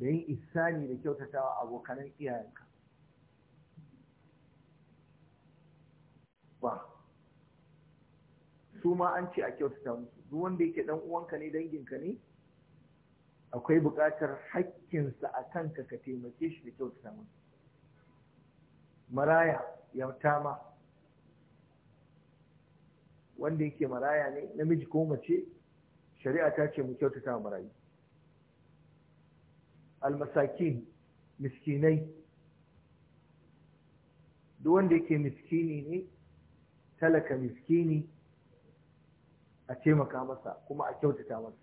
da yin isani da kyautatawa abokanan iyayenka ba su ma an ce a kyautata musu duk wanda yake dan uwanka ne danginka ne akwai buƙatar haƙƙinsa a kanka ka taimake shi da kyautata musu maraya ya tama. wanda yake maraya ne namiji ko mace shari'a ta ce mu kyautata wa marayu almasakin miskinai duk wanda yake miskini ne talaka miskini a taimaka masa kuma a kyautata masa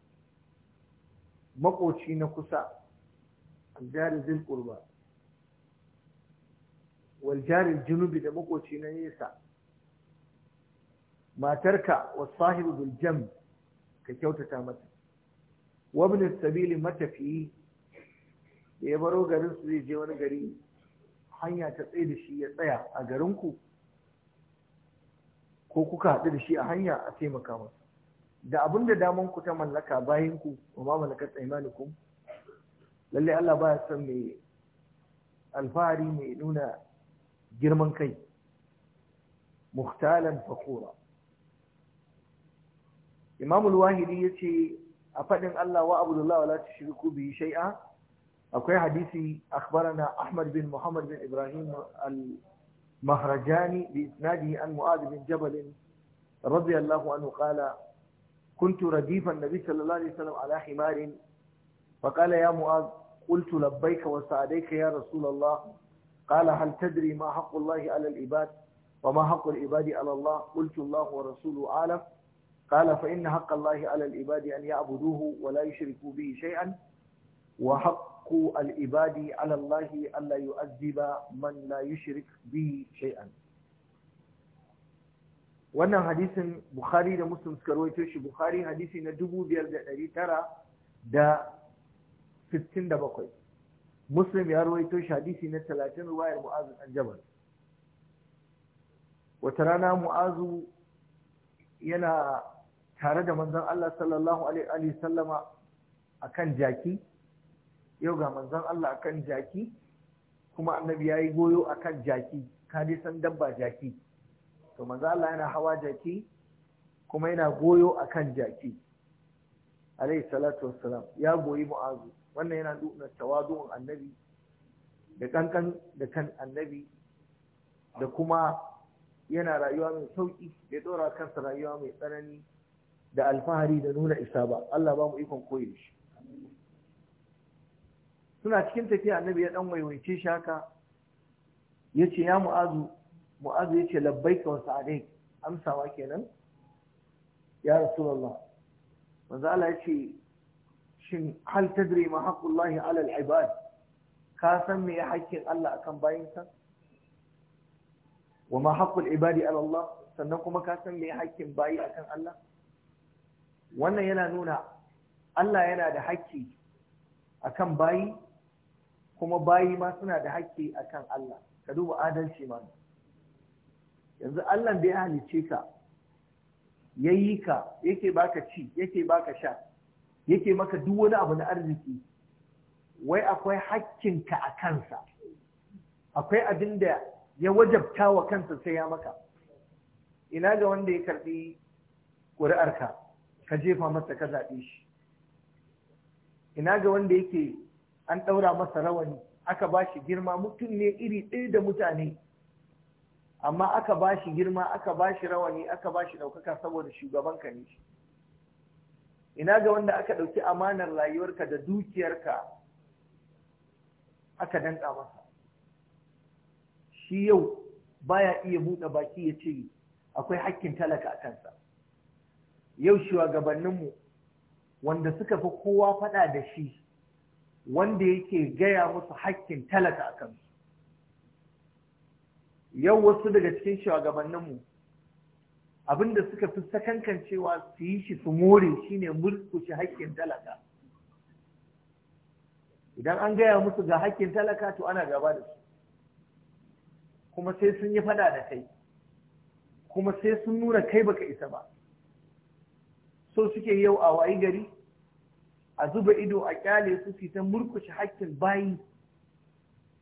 makoci na kusa aljari zil waljarin junubi da makoci na nesa matarka wasahibu biljam ka kyautata mata wabnin sabili matafiyi da ya baro garin su zai je wani gari hanya ta tsaye da shi ya tsaya a garin ku ko kuka haɗu da shi a hanya a taimaka masa da abin da daman ku ta mallaka bayan ku wa ma malakat ku? lalle Allah baya son mai alfahari mai nuna girman kai muhtalan fakura imamul wahidi yace a faɗin Allah wa abdullahi wala tushriku bi shai'a. أكوي حديثي أخبرنا أحمد بن محمد بن إبراهيم المهرجاني بإسناده عن معاذ بن جبل رضي الله عنه قال كنت رديف النبي صلى الله عليه وسلم على حمار فقال يا معاذ قلت لبيك وسعديك يا رسول الله قال هل تدري ما حق الله على العباد وما حق العباد على الله قلت الله ورسوله أعلم قال فإن حق الله على العباد أن يعبدوه ولا يشركوا به شيئا وحق حق al'ibadi على Allah ألا يؤذب من لا يشرك به شيئا wannan hadisin Bukhari da Muslim suka rawaito shi Bukhari hadisi na 5967 Muslim ya rawaito shi hadisi na 30 ruwayar mu'azu bin Jabal wata rana Mu'azu yana tare da manzan Allah sallallahu alaihi wa sallama akan jaki yau ga manzon Allah akan jaki kuma annabi yayi goyo akan jaki ka dai san dabba jaki to manzon Allah yana hawa jaki kuma yana goyo akan jaki alayhi salatu wassalam ya goyi mu'azu wannan yana nuna tawadu'un annabi da kankan da kan annabi da kuma yana rayuwa mai sauki da dora kansa rayuwa mai tsanani da alfahari da nuna isa ba Allah ba mu ikon koyi shi suna cikin tafiya annabi ya dan waiwaice shi haka ce ya mu'azu mu'azu yace ka wasu sa'adai amsawa kenan ya rasulullah manzo Allah yace shin hal tadri ma haqqullahi ala al-ibad ka san me haƙƙin Allah akan bayinsa wa ma haqqul ibadi ala Allah sannan kuma ka san me haƙƙin bayi akan Allah wannan yana nuna Allah yana da haƙƙi akan bayi kuma bayi ma suna da haƙƙi akan Allah ka duba adalci ma yanzu Allah da ya halice ka yayi ka yake baka ci yake baka sha yake maka duk wani abu na arziki wai akwai ka a kansa akwai abin da ya wajabta wa kansa sai ya maka ina ga wanda ya karɓi ƙuri'arka ka jefa masa ka zaɓe shi ina ga wanda yake an ɗaura masa rawani aka ba shi girma mutum ne iri ɗaya da mutane amma aka ba shi girma aka ba shi rawani aka ba shi ɗaukaka saboda shugaban ka ne shi ina ga wanda aka ɗauki amanar rayuwarka da dukiyarka aka danka masa shi yau baya iya buɗe baki ya ce akwai hakkin talaka a kansa yau shugabanninmu wanda suka fi kowa faɗa da shi wanda yake gaya musu hakkin talaka a kansu yau wasu daga cikin shugabanninmu abinda suka fi sakankancewa su yi shi su more shine shi hakkin talaka idan an gaya musu ga hakkin talaka to ana gaba da su kuma sai sun yi fada da kai kuma sai sun nuna kai baka isa ba so suke yau a wayi gari a zuba ido a kyale su su ta murkushe hakkin bayi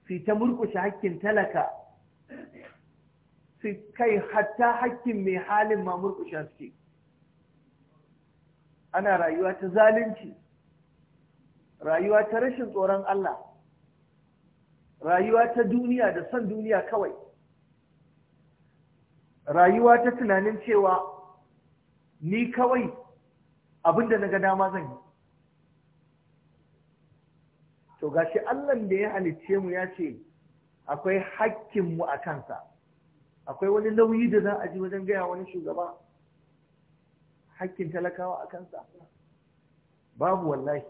su ta murkushe hakkin talaka su kai hatta hakkin mai halin ma murkushe suke ana rayuwa ta zalunci rayuwa ta rashin tsoron Allah rayuwa ta duniya da son duniya kawai rayuwa ta tunanin cewa ni kawai abinda na ga dama zan yi to gashi Allah da ya halicce mu ya ce akwai hakkin mu a kansa akwai wani nauyi da za a ji wajen gaya wani shugaba hakkin talakawa a kansa babu wallahi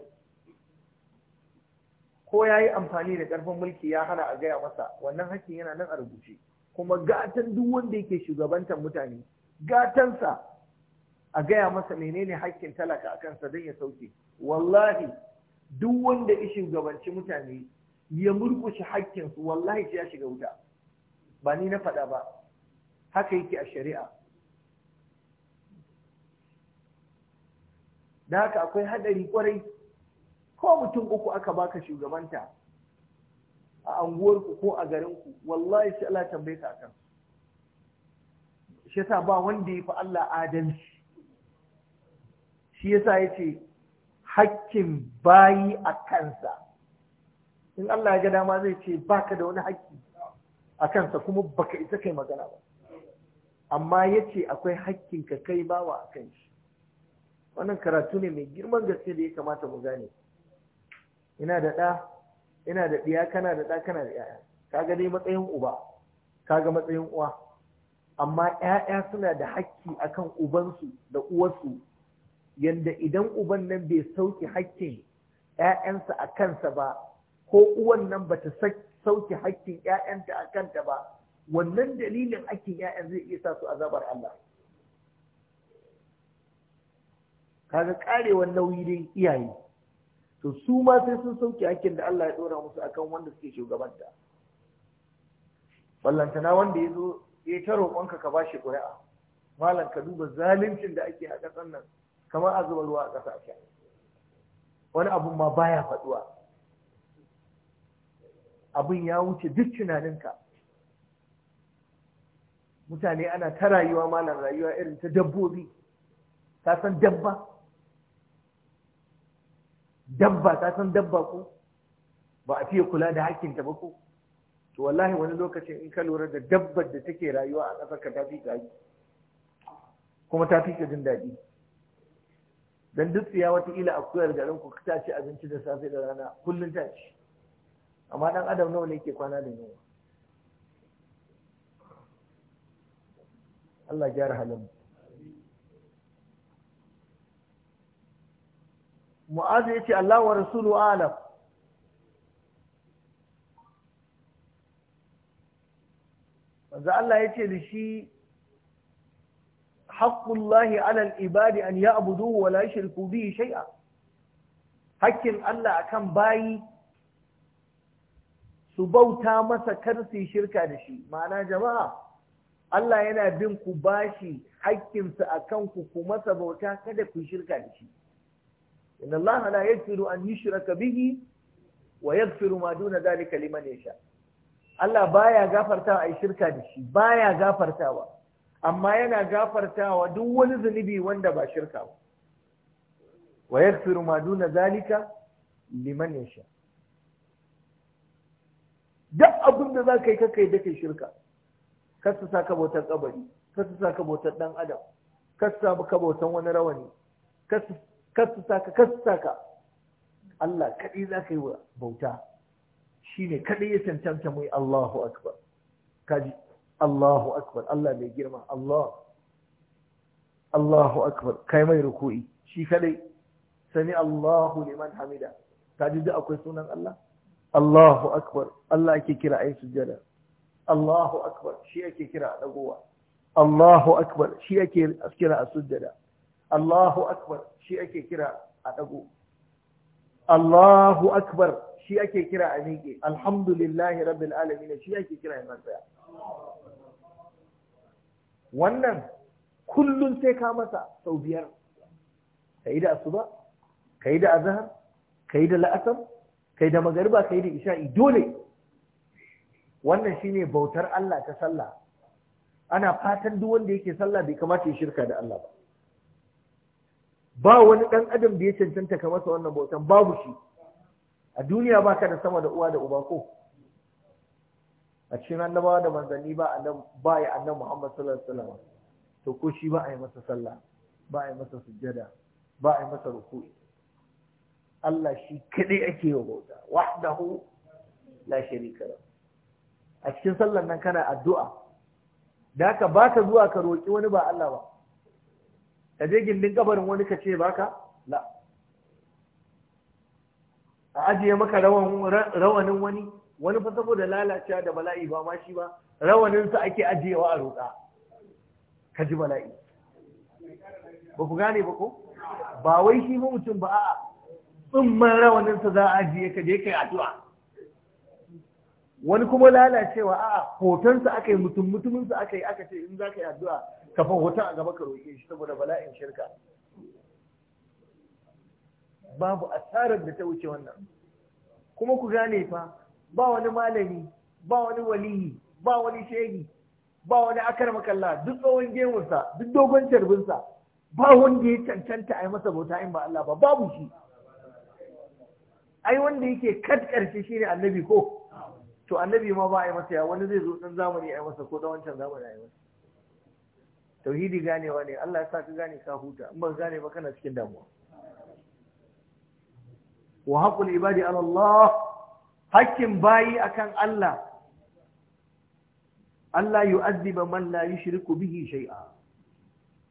ko ya yi amfani da ƙarfin mulki ya hana a gaya masa wannan hakkin yana nan a rubuce kuma gatan duk wanda yake shugabantar mutane gatansa a gaya masa menene hakkin talaka a kansa don ya sauke wallahi duk wanda ya shugabanci mutane ya murkushe haƙƙinsu wallahi ya shiga wuta ba ni na faɗa ba haka yake a shari'a da haka akwai haɗari kwarai ko mutum uku aka baka shugabanta a anguwarku ko a garinku wallahi sai Allah tambaye ka akan shi yasa ba wanda ya fi Allah adalci shi yasa yace hakkin bayi a kansa in Allah ya ga dama zai ce baka da wani hakki a kansa kuma baka isa kai magana ba amma ya ce akwai hakkin ka kai bawa a kan shi wannan karatu ne mai girman gaske da ya kamata mu gane ina da ɗa ina da ɗiya kana da ɗa kana da ƴaƴa kaga dai matsayin uba kaga matsayin uwa amma ƴaƴa suna da hakki akan ubansu da uwarsu yanda idan uban nan bai sauki haƙƙin ‘ya'yansa a kansa ba, ko uwan nan ba ta sauki haƙƙin ‘ya'yanta a kanta ba, wannan dalilin haƙƙin ‘ya'yan zai iya sa su azabar Allah. Kaga karewar nauyi dai iyaye, to su ma sai sun sauki haƙƙin da Allah ya ɗora musu akan wanda suke shugabanta. Ballantana wanda ya zo ya ta roƙonka ka bashi ƙuri'a, malam ka duba zaluncin da ake a ƙasar nan. kamar a zuba ruwa a ƙasa a wani abun ma baya faɗuwa Abin ya wuce duk tunaninka mutane ana ta rayuwa malam rayuwa irin ta dabbobi ta san dabba dabba ta san dabba ko ba a fiye kula da hakkinta ba ko to wallahi wani lokacin in ka lura da dabbar da take rayuwa a ƙasar ka ta kuma ta fi ka jin daɗi dan duk tsiya a akuyar garin ku ta ci abinci da safe da rana kullun ta ci amma dan adam nawa ne ke kwana da nawa Allah gyara halin Mu'azu yace ce Allah wa Rasulu alam Manzo Allah ya da shi حق الله على العباد أن يعبدوه ولا يشركوا به شيئا hakkin Allah akan bayi su bauta masa kar su yi shirka da shi ma'ana jama'a Allah yana bin ku bashi hakkinsa a kanku ku masa bauta kada ku shirka da shi inna Allah la yaghfiru an yushraka bihi wa yaghfiru ma duna dhalika liman yasha Allah baya gafartawa ai shirka da shi baya gafartawa amma yana gafartawa duk wani zunubi wanda ba shirka ba wa yaghfiru ma duna zalika liman yasha duk abin da za ka yi kakai da kai shirka kasu sa saka bautar kabari kasu sa saka bautar dan adam kasu sa saka bautar wani rawani kasu sa saka kasu sa saka Allah kadai za ka yi wa bauta shine kadai ya cancanta mai Allahu akbar kaji Allahu akbar Allah mai girma Allah Allahu akbar kai mai ruku'i shi kadai Sani Allahu liman hamida ta ji akwai sunan Allah Allahu akbar Allah ake kira ayi sujjada Allahu akbar shi ake kira a dagowa Allahu akbar shi ake kira a sujjada Allahu akbar shi ake kira a dago Allahu akbar shi ake kira a miƙe alhamdulillahi rabbil alamin shi ake kira a tsaya wannan kullum sai ka masa sau biyar ka yi da asuba ka yi da azahar ka yi da la'asar ka yi da magariba ka yi da isha'i dole wannan shine bautar Allah ta sallah ana fatan duk wanda yake sallah bai kamata ya shirka da Allah ba ba wani dan adam da ya cancanta ka masa wannan bautan babu shi a duniya baka da sama da uwa da uba ko a cikin annabawa da manzanni ba nan ba ya annabi Muhammad sallallahu alaihi wasallam to ko shi ba a yi masa sallah ba a yi masa sujjada ba a yi masa ruku'i Allah shi kadai ake yi bauta wahdahu la sharika lahu a cikin sallan nan kana addu'a da haka ba ka zuwa ka roki wani ba Allah ba ka je gindin kabarin wani ka ce baka la a ajiye maka rawanin wani wani fa saboda lalacewa da bala'i ba ma shi ba rawanin su ake ajiyewa a roƙa ka ji bala'i ba ku gane ba ko ba wai shi ba mutum ba a'a tsumman rawanin sa za a ajiye ka je kai addu'a wani kuma lalacewa a'a hoton sa aka yi mutum mutumin sa aka yi aka ce in za ka yi addu'a ka fa hoton a gaba ka roƙe shi saboda bala'in shirka babu asarar da ta wuce wannan kuma ku gane fa ba wani malami ba wani waliyi ba wani shehi ba wani akar makalla duk tsohon gemunsa duk dogon carbinsa ba wanda ya cancanta a yi masa bauta in ba Allah ba babu shi ai wanda yake kad karshe shine annabi ko to annabi ma ba a yi masa ya wani zai zo dan zamani a yi masa ko dan wancan zamani a yi masa tauhidi ganewa ne Allah ya sa ka gane ka huta in ba gane ba kana cikin damuwa wa haqqul ibadi ala Allah hakkin bayi akan Allah Allah azziba man la yushriku bihi shay'a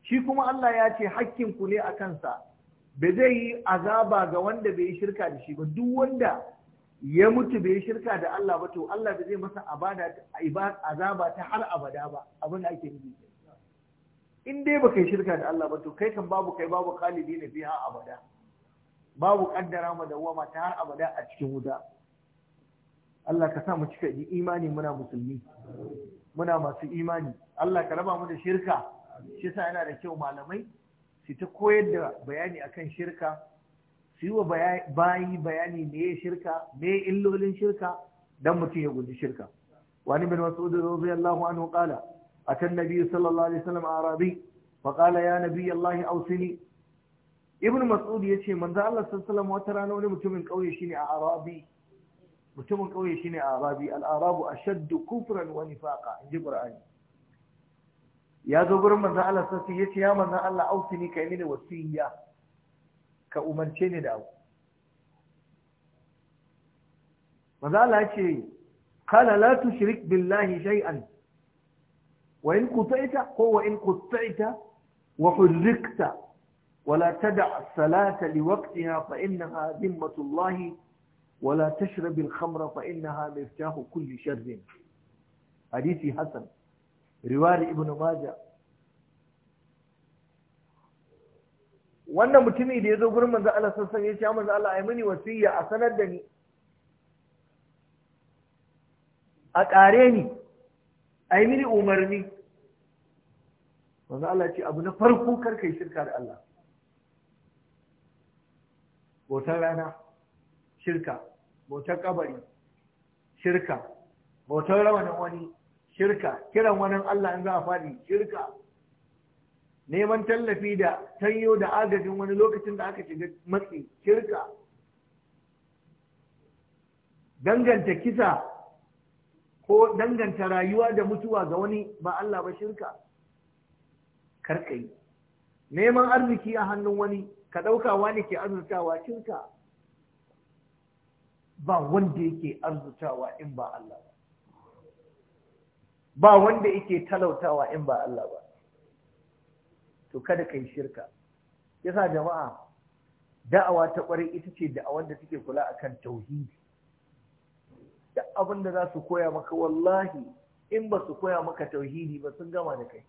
shi kuma Allah ya ce hakkin ku ne akan sa ba zai yi azaba ga wanda bai yi shirka da shi ba duk wanda ya mutu bai yi shirka da Allah ba to Allah ba zai masa abada azaba ta har abada ba abin da ake nufi in dai baka yi shirka da Allah ba to kai kan babu kai babu kalibi ne biya abada babu kaddara ma ta har abada a cikin wuta Allah ka sa mu cika imani muna musulmi muna masu imani Allah ka raba mu da shirka shi yasa yana da kyau malamai su ta koyar da bayani akan shirka su yi wa bayi bayani me shirka me illolin shirka dan mutum ya guji shirka wani bin mas'ud radiyallahu anhu qala atan nabiy sallallahu alaihi wasallam arabi fa qala ya nabiy allah awsini ibn mas'ud yace manzo Allah sallallahu alaihi wasallam wata rana wani mutumin kauye shine a arabi mutumin kauye shine arabi al-arabu ashaddu kufran wa nifaqa in ji qur'ani ya zo gurin manzo Allah sai ya ce ya manzo Allah ausini kai mini wasiya ka umarce ni da abu manzo Allah ya ce qala la tushrik billahi shay'an wa in quta'ta ko wa in quta'ta wa hurrikta wa ولا تدع salata liwaqtiha fa innaha zimmatullahi ولا تشرب الخمر فإنها مفتاح كل شر حديث حسن رواه ابن ماجه wannan mutumi da ya zo gurin manzo Allah sassan ya ce manzo Allah ai mini wasiya a sanar da ni a ƙare ni ai mini umarni manzo Allah ce abu na farko kar kai shirka da Allah Wata rana shirka bautar kabari shirka bautar rawanin wani shirka kiran wani Allah in za a faɗi shirka neman tallafi da tanyo da agajin wani lokacin da aka shiga matsi shirka danganta kisa ko danganta rayuwa da mutuwa ga wani ba Allah ba shirka karkai neman arziki a hannun wani ka ɗauka wani ke azurtawa shirka ba wanda yake arzutawa in ba Allah ba ba wanda yake talautawa in ba Allah ba to kada kai shirka yasa jama'a da'awa ta kwarai ita ce da da take kula akan tauhidi da abin da za su koya maka wallahi in ba su koya maka tauhidi ba sun gama da kai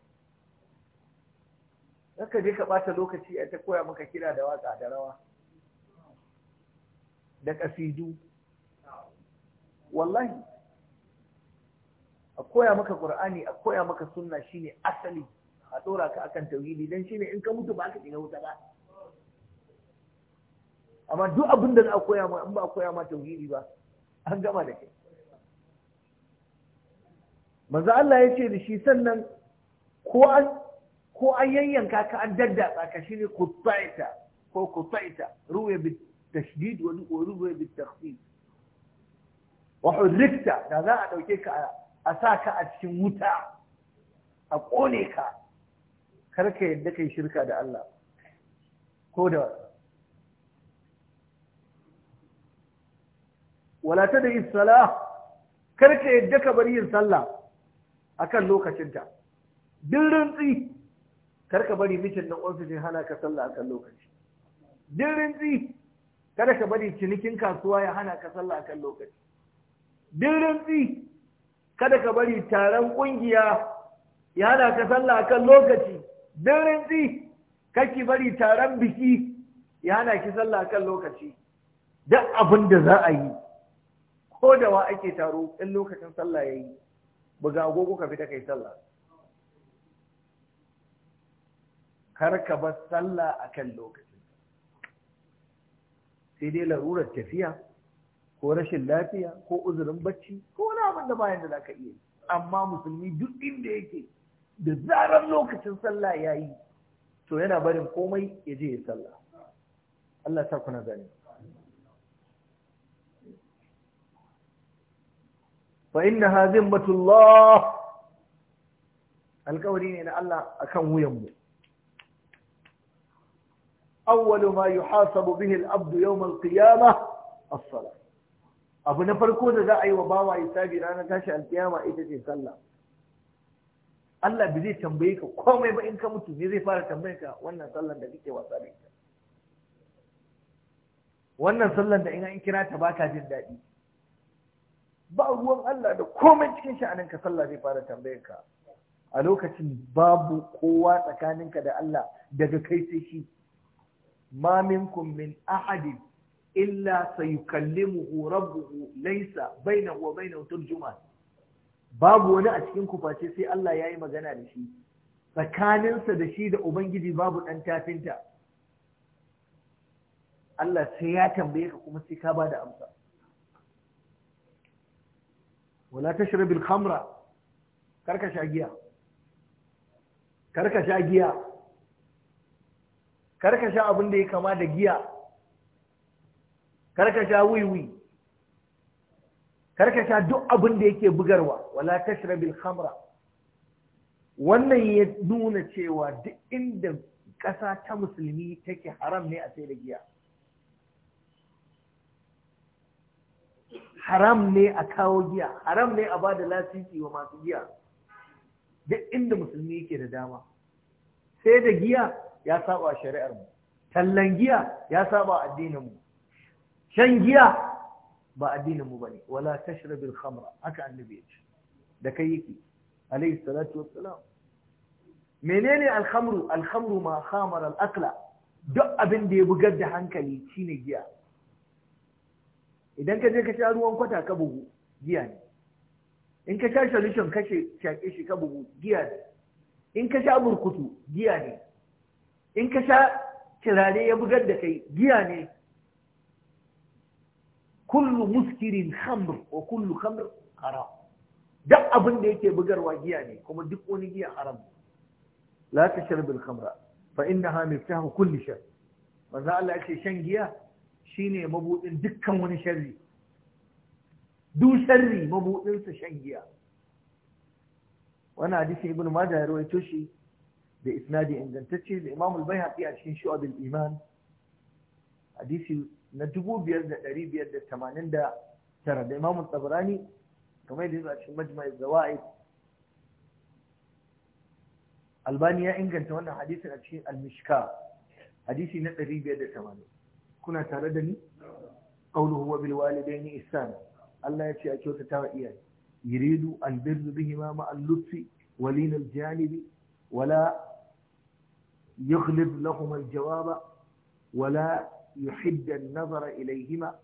ka je ka bata lokaci a ta koya maka kira da waka da rawa da ƙasidu wallahi a koya maka qur'ani a koya maka sunna shine asali a dora ka akan tauhidi dan shine in ka mutu ba ka shiga wuta ba amma duk abin da za koya ma in ba a koya ma tauhidi ba an gama da kai manzo Allah ya ce da shi sannan ko an ko an yayyanka ka an daddatsa ka shine kutaita ko kutaita ruwa bi tashdid wa ruwa bi takhfif wa hurrikta da za a dauke ka a sa ka a cikin wuta a kone ka kar ka yadda kai shirka da Allah ko da wala ta da yin salah kar ka yadda ka bari yin sallah akan lokacinta din rintsi kar ka bari mijin nan ofishin hana ka sallah akan lokaci din rintsi kada ka bari cinikin kasuwa ya hana ka sallah akan lokaci duk tsi, kada ka bari taron ƙungiya ya hana ka sallah kan lokaci duk rintsi kake bari taron biki ya hana ki sallah kan lokaci duk abin da za a yi ko da wa ake taro in lokacin sallah yayi buga agogo ka fita kai sallah kar ka bar sallah akan lokaci sai dai larurar tafiya ko rashin lafiya ko uzurin bacci ko wani abin da bayan da za ka iya amma musulmi duk inda yake da zarar lokacin sallah ya yi to yana barin komai ya je ya sallah Allah sa kuna gani fa inna hazin batullah alkawari ne na Allah akan wuyanmu awwalu ma yuhasabu bihi al-abdu yawm al-qiyamah as-salah abu na farko da za a yi wa bawa isabi ranar tashi alkiyama ita ce sallah Allah bai zai tambaye ka komai ba in ka mutu ne zai fara tambaye ka wannan sallan da kake wasa da ita wannan sallan da in an kira ta baka jin daɗi ba ruwan Allah da komai cikin sha'anin ka sallah zai fara tambaye ka a lokacin babu kowa tsakaninka da Allah daga kai sai shi ma minkum min ahadin illa sayukallimuhu rabbuhu laysa bainahu wa bainahu turjuman babu wani a cikin kuface sai Allah yayi magana da shi tsakaninsa da shi da ubangiji babu dan tafinta Allah sai ya tambaye kuma sai ka bada amsa wala tashrabil khamra karka sha giya karka sha sha abin da ya kama da giya karka sha wiwi karka sha duk abin da yake bugarwa wala tashrabil khamra wannan ya nuna cewa duk inda ƙasa ta musulmi take haram ne a sai da giya haram ne a kawo giya haram ne a ba da lasisi wa masu giya duk inda musulmi yake da dama sai da giya ya saba shari'ar mu tallan giya ya saba addinin mu shan giya ba addinin mu bane wala tashrabil khamra haka annabi yace da kai yake alayhi salatu wassalam menene alhamru alhamru ma khamara al-akla duk abin da ya bugar da hankali shine giya idan ka je ka sha ruwan kwata ka bugu giya ne in ka sha solution ka shaƙe shi ka bugu giya ne in ka sha burkutu giya ne in ka sha kirare ya bugar da kai giya ne kullu muskirin khamr وكل kullu حرام haram duk abin da yake bugarwa giya ne kuma duk wani giya haram la tashrab al khamra fa innaha miftahu kulli shar manzo Allah yace shan giya shine mabudin dukkan wani sharri du sharri mabudin sa shan giya wannan hadisi ibnu majah ya rawaito shi da isnadi ingantacce da al bayhaqi a cikin al iman hadisi na 5589 da imamun tsabirani kamar da a cikin majma'i zawa'i albani ya inganta wannan hadisin a cikin al-mishka hadisi na 580 kuna tare da ni qawluhu wa da walidayni ihsana Allah ya ce a kyautata wa iya yi. albirru bihima ma al-lutfi wa al-janibi wala yaghlib lahum al-jawaba wala يحد النظر إليهما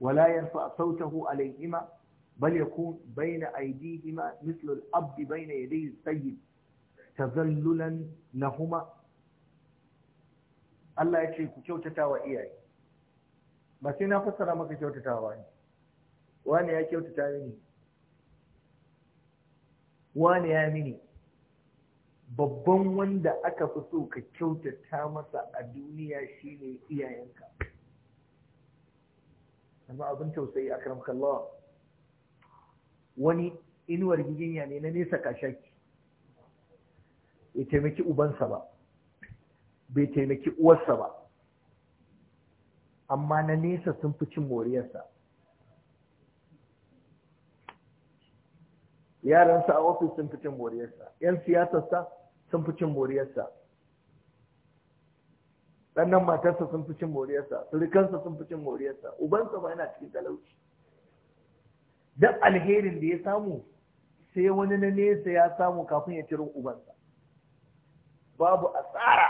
ولا يرفع صوته عليهما بل يكون بين أيديهما مثل الأب بين يدي السيد تذللا لهما Allah ya ce ku kyautata wa iyaye ba sai na fassara maka wa ne wani ya kyautata mini wani ya mini babban wanda aka fi so ka kyautata masa a duniya shine iyayenka amma abin tausayi a karamkallawa wani inuwar giginya ne na nesa kashaki bai taimaki ubansa ba bai taimaki uwarsa ba amma na nesa sun fi cin moriyarsa yaransa a ofis sun fi cin moriyarsa 'yan siyasarsa sun fi cin moriyarsa ɗannan matarsa sun fi cin moriyarsa surukansa sun fi cin moriyarsa ubansa ba yana cikin talauci don alherin da ya samu sai wani na nesa ya samu kafin ya ciro ubansa babu asara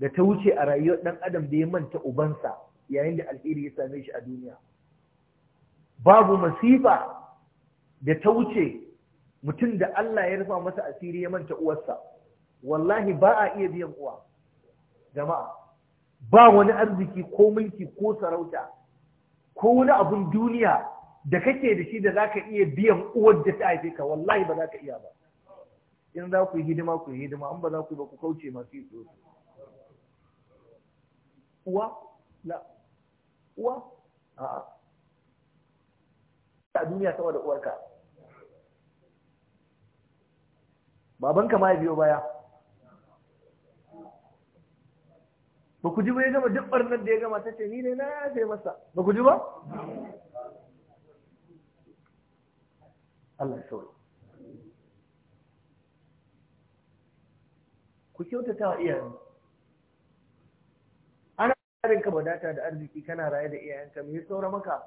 da ta wuce a rayuwar ɗan adam da ya manta ubansa yayin da alheri ya same shi a duniya babu masifa da ta wuce mutum da Allah ya rufa masa asiri ya manta uwarsa wallahi ba a iya biyan uwa jama'a ba wani arziki ko mulki ko sarauta ko wani abun duniya da kake da shi da zaka iya biyan uwar da ta haife ka wallahi ba za ka iya ba in za ku yi hidima ku yi hidima an ba za ku ba ku kauce masu yi tsoro uwa la uwa a'a a duniya sama da uwarka babanka ma ya biyo baya ba ku ji ba ya gama duk ɓarnar da ya gama ta ce ni ne na yafe masa ba ku ji ba Allah sauri ku kyautata wa iyayen ana tsarin ka wadata da arziki kana raye da iyayenka me saura maka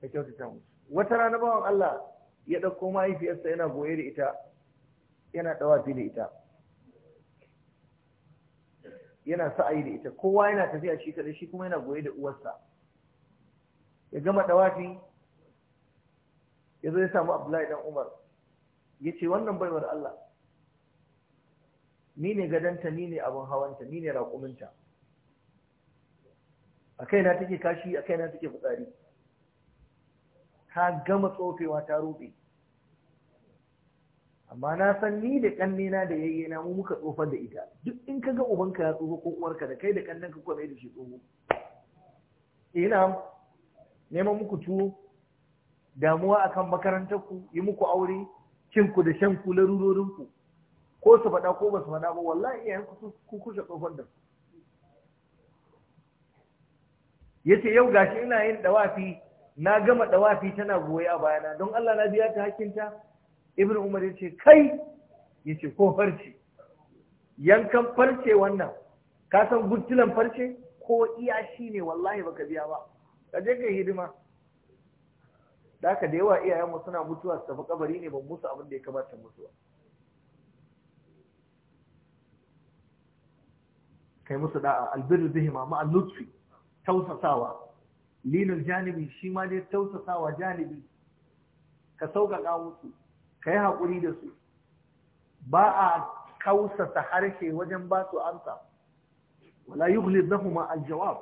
ka kyautata musu wata rana bawan Allah ya ɗauko mahaifiyarsa yana goye da ita yana dawafi da ita yana sa'ayi da ita kowa yana tafiya shi kaɗai, shi kuma yana goye da uwarsa ya gama dawafi ya zo ya samu abdullahi dan umar ya ce wannan baiwar allah ni ne gadanta ni ne abin hawanta ni ne raƙuminta a kaina take kashi a kaina take fitsari ta gama tsofewa ta rube amma na san ni da na da yayye na mu muka tsofar da ita duk in kaga ubanka ya tsofa ko uwarka da kai da kannen ka kuma da shi tsoho ina eh, neman muku tuwo damuwa akan makarantar ku yi muku aure cin ku da shan ku larurorin ku ko su faɗa ko ba su faɗa ba wallahi iyayen ku ku kusa tsofar da su yace yau gashi ina yin dawafi na gama dawafi tana goye a bayana don Allah na biya ta hakinta ibn umar ya ce kai ya ce ko farce yankan farce wannan ka san guttulan farce ko iya shi ne wallahi baka biya ba ka je kai hidima da aka da yawa iyayenmu suna mutuwa su tafi kabari ne ban musu abin da ya kamata mutuwa. Ka kai musu da'a albirru bihima ma lutfi tausasawa linul janibi shi ma dai tausasawa janibi ka sauƙaƙa musu ka yi haƙuri da su ba a kausata harshe wajen ba su amsa wala yughlib lahum al aljawab?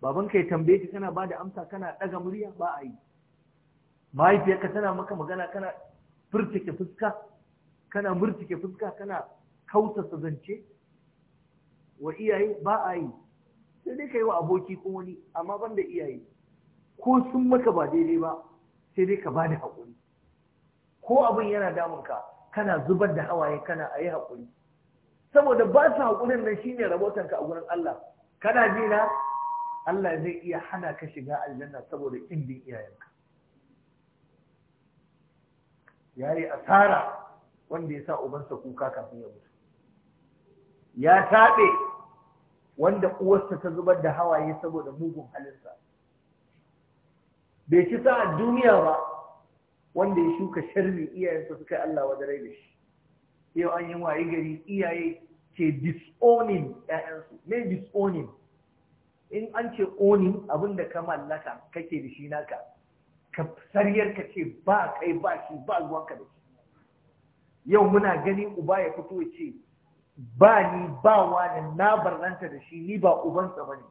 baban kai tambaye ka kana bada amsa kana ɗaga murya ba a yi mahaifiyarka tana maka magana kana furtike fuska kana murtike fuska kana kausata zance wa iyaye ba a yi sai dai kai wa aboki ko wani amma banda iyaye ko sun maka ba daidai ba sai dai ka bada haƙuri ko abin yana damunka kana zubar da hawaye kana a yi haƙuri saboda ba su haƙurin nan shine rabotanka a gurin Allah kana jina? Allah zai iya hana ka shiga aljanna saboda indin iyayenka ya yi asara wanda ya sa ubansa kuka kafin ya mutu ya taɓe wanda uwarsa ta zubar da hawaye saboda mugun halinsa bai ci sa a duniya ba wanda ya shuka sharri iyayensa suka Allah wa dare da shi yau an yi waye gari iyaye ke disowning 'ya'yansu. me disowning in an ce onin abin da ka mallaka kake da shi naka ka sariyar ka ce ba kai ba shi ba ruwanka da shi yau muna gani uba ya fito ya ce ba ni ba wani na barnanta da shi ni ba ubansa ba ne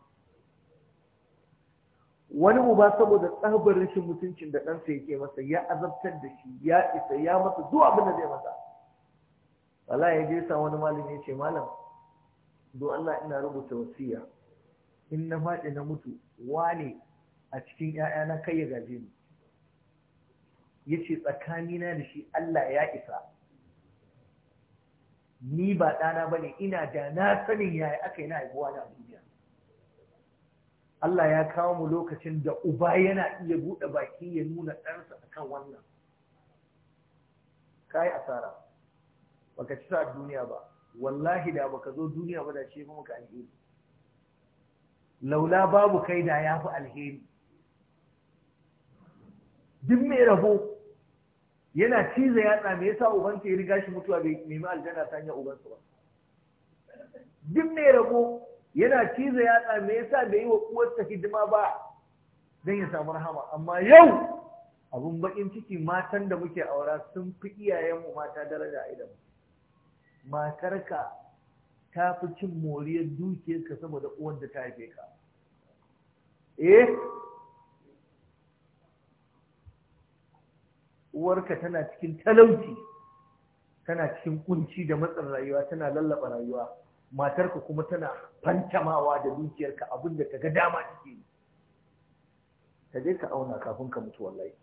wani uba saboda tsabar rashin mutuncin da ɗansa yake masa ya azabtar da shi ya isa ya masa duk abin da zai masa wala ya je wani malami ya ce malam don Allah ina rubuta wasiya in na faɗi na mutu wane a cikin 'ya'ya na kai ya gaje ni ya ce tsakanina da shi Allah ya isa ni ba ɗana ba ne ina da na sanin yaya aka yi na haifuwa na duniya Allah ya kawo mu lokacin da uba yana iya buɗe baki ya nuna ɗansa akan wannan Ka yi asara baka ci sa duniya ba wallahi da baka zo duniya ba da shi kuma ka alheri laula babu kai da ya fi alheri duk mai rabo yana ciza yatsa me yasa ubansa ya riga shi mutuwa bai nemi aljanna ta hanyar ubansa ba duk mai rabo yana ciza yatsa me yasa bai yi wa uwarsa hidima ba dan ya samu rahama amma yau abun bakin ciki matan da muke aura sun fi iyayenmu mata daraja a idan matarka ta fi cin moriyar dukiyarka saboda uwar da ta haife ka eh uwarka tana cikin talauci tana cikin kunci da matsin rayuwa tana lallaba rayuwa matarka kuma tana fantamawa da dukiyarka abin da ta ga dama take yi ka je ka auna kafin ka mutu wallahi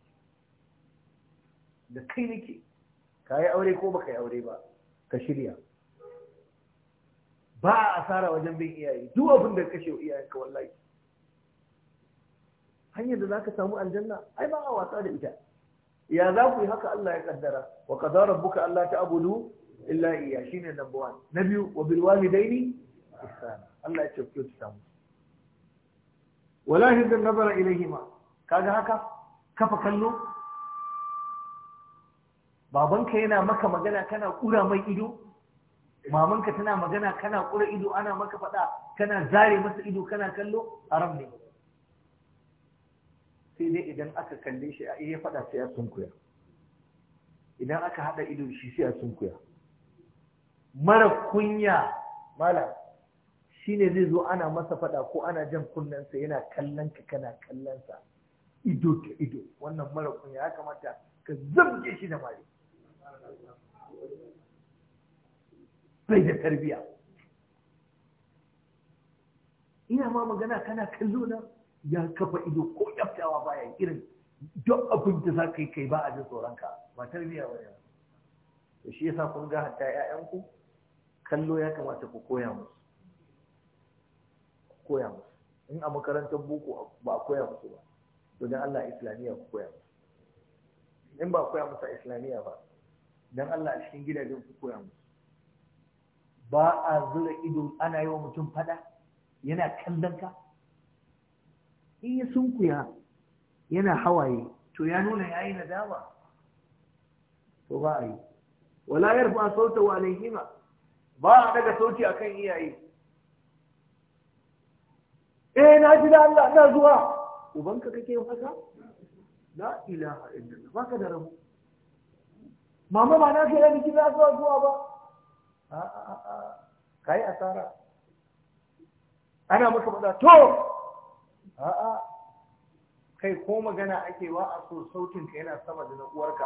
da kai nake ka yi aure ko baka yi aure ba ka shirya ba a asara wajen bin iyaye duk abin da kashe wa iyayenka wallahi hanyar da zaka samu aljanna ai ba a wasa da ita ya za ku yi haka Allah ya kaddara wa qadara rabbuka ta abudu illa iya shine number 1 na biyu wa bil walidaini ihsana Allah ya ce ku samu wala zan nazara ma, kaga haka kafa kallo babanka yana maka magana kana kura mai ido mamanka tana magana kana kura ido ana maka faɗa kana zare masa ido kana kallo haram ne sai dai idan aka kalle shi a iya faɗa sai a sunkuya idan aka haɗa ido shi sai a sunkuya mara kunya malam shine zai zo ana masa fada ko ana jan kunnensa yana kallon ka kana kallon sa ido ta ido wannan mara kunya ya kamata ka zabge shi da mari bai da tarbiya ina ma magana kana kallo na ya kafa ido ko yaftawa baya irin duk abin da za ka yi kai ba a jin tsoronka ba tarbiya ba ne shi yasa kun ga hatta 'ya'yanku kallo ya kamata ku koya musu koya musu in a makarantar boko ba a koya musu ba to dan Allah islamiya ku koya musu in ba koya musu islamiya ba dan Allah a cikin gidajen ku koya musu ba a zura ido ana yi wa mutum fada yana kallon ka in ya sunkuya yana hawaye to ya nuna yayi nadama to ba a yi wala yarfa sautahu alaihima ba a daga sauti akan iyaye eh na ji da Allah ina zuwa ubanka kake haka la ilaha illallah ka da rabu mama ba na kai da kike za zuwa zuwa ba a a a kai asara ana maka fada to a a kai ko magana ake wa a so sautin ka yana sama da na uwarka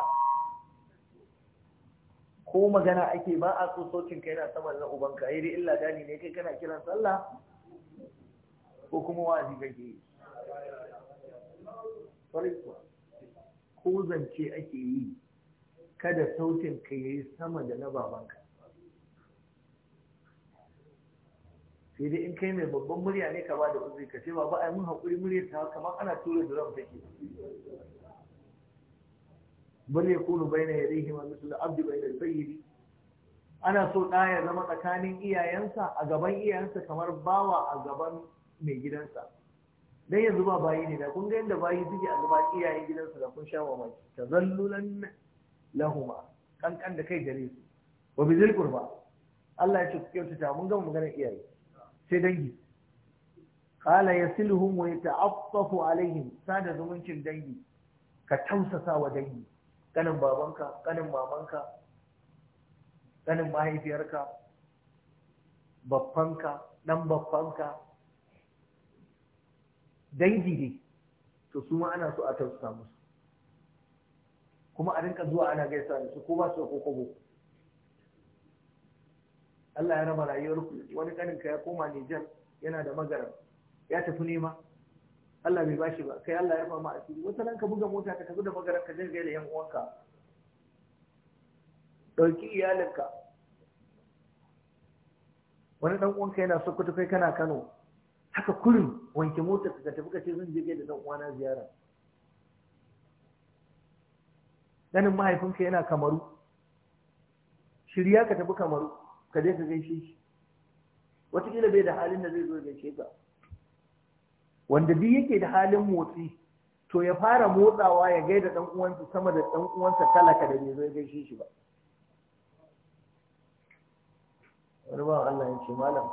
ko magana ake ba a so sautin ka yana saman na ubanka ya dai illa gani ne kai kana kiran sallah ko kuma wa'azi kake yi ko zance ake yi kada sautin ka yayi sama da na babanka sai dai in kai mai babban murya ne ka ba da uzuri ka ce ba ba a yi mun haƙuri murya ta kamar ana tura drum take bal yakunu bayna yadayhi wa mithlu abdi bayna sayyidi ana so da ya zama tsakanin iyayensa a gaban iyayensa kamar bawa a gaban mai gidansa dan yanzu ba bayi ne da kun ga yanda bayi suke a gaban iyayen gidansa da kun sha wa mai tazallulan lahuma kankan da kai gare su wa bizil qurba Allah ya ce ku kyautata mun gama maganar iyaye sai dangi qala yasiluhum wa yata'affafu alaihim sada zumuncin dangi ka tausasa wa dangi kanin babanka kanin mamanka kanin mahaifiyarka babbanka dan babbanka dangi ne to su ma ana so a tausa musu kuma a rinka zuwa ana gaisa da su ko ba su ko Allah ya raba rayuwar wani kaninka ya koma Niger yana da magaran ya tafi nema Allah bai bashi ba kai Allah ya rufa ma asiri wata ka buga mota ka tafi da magaran ka zai gaida yan uwanka dauki iyalinka wani dan uwanka yana Sokoto kai kana Kano haka kullum wanke motar ka tafi ka ce zan je da dan uwana ziyara ganin mahaifinka yana Kamaru shirya ka tafi Kamaru ka je ka gaishe shi wataƙila bai da halin da zai zo gaishe ka wanda duk yake da halin motsi to ya fara motsawa ya gaida dan uwansa sama da dan uwansa talaka da bai zo gaishe shi ba wani ba Allah ya ce malam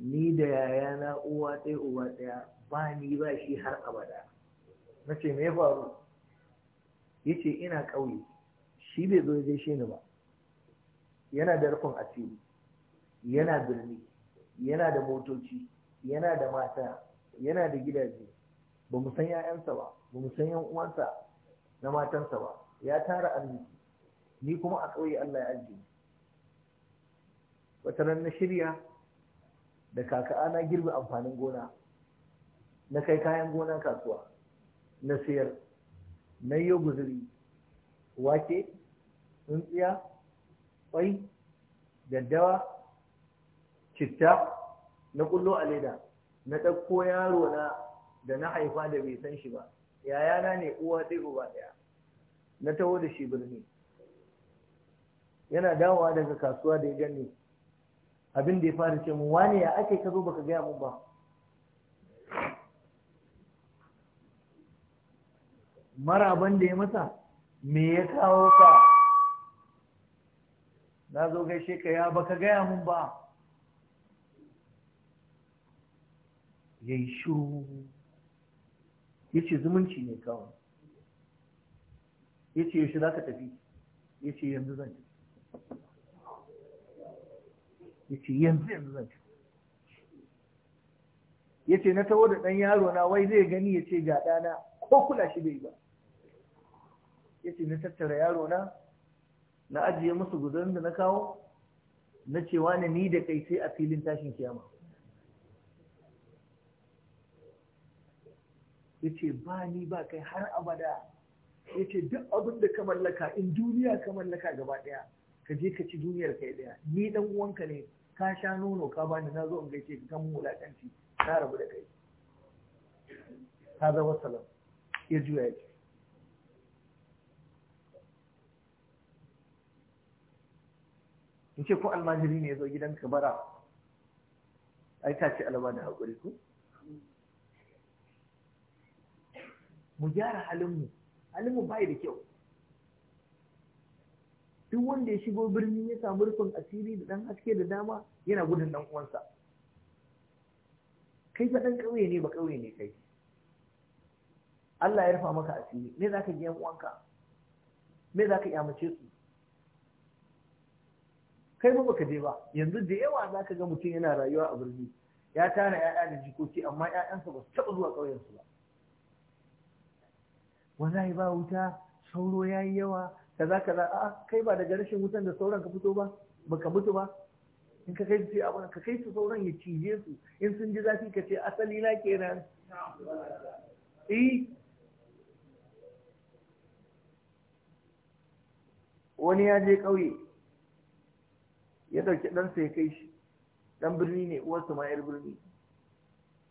ni da yayana uwa ɗaya uwa ɗaya ba ni ba shi har abada na ce me faru ya ce ina ƙauye shi bai zo gaishe ni ba yana da rufin asiri yana birni yana da motoci yana da mata yana da gidaje ba mu san 'ya'yansa ba ba mu san 'yan uwansa na matansa ba ya tara arziki ni kuma a ƙauye Allah ya ajiye wata nan na shirya da kaka na girbe amfanin gona na kai kayan gona kasuwa na sayar na yi guzuri wake tsuntsiya ƙwai daddawa citta na kullo a leda na ɗauko yaro na da na haifa da bai san shi ba Yaya na ne uwa ɗaya uba ɗaya na taho da shi birni yana dawowa daga kasuwa da ya gani abin da ya fara ce mu wani ya ake ka zo baka gaya mun ba maraban da ya masa me ya kawo ka na zo gaishe ka ya baka gaya mun ba ya yi shuru ya ce zumunci ne kawai ya ce yaushe za ka tafi ya ce yanzu zan ya ce yanzu yanzu zan ya ce na taho da ɗan yaro na wai zai gani ya ce ga ɗana ko kula shi bai ba ya ce na tattara yaro na na ajiye musu guzarin da na kawo na cewa ne ni da kai sai a filin tashin kiyama yace ba ni ba kai har abada yace duk abin da ka mallaka in duniya ka mallaka gaba daya ka je ka ci duniyar kai daya ni dan uwanka ne ka sha nono ka bani na zo in gaishe ka kan wulakanci ka rabu da kai ka zama salam ya juya ya in ce ko almajiri ne ya zo gidan ka bara ai ta ce alama da haƙuri ko mu gyara halinmu halinmu bai da kyau duk wanda ya shigo birni ya samu rufin asiri da dan haske da dama yana gudun dan uwansa kai fa dan kauye ne ba kauye ne kai Allah ya rufa maka asiri me zaka ji yan uwanka me zaka mace su kai ba baka je ba yanzu da yawa zaka ga mutum yana rayuwa a birni ya tana 'ya'ya da jikoki amma 'ya'yansa ba su taɓa zuwa ƙauyensu ba wallahi ba wuta sauro ya yi yawa kaza kaza a'a kai ba daga rashin wutan da sauran ka fito ba Ba ka mutu ba in ka kai su abin ka kai su sauran ya cije su in sun ji zafi ka ce asali na kenan eh wani ya je ƙauye ya ɗauki ɗansa ya kai shi ɗan birni ne uwarsa ma 'yar birni